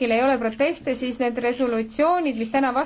kellelgi ei ole proteste, siis need resolutsioonid, mis täna vastu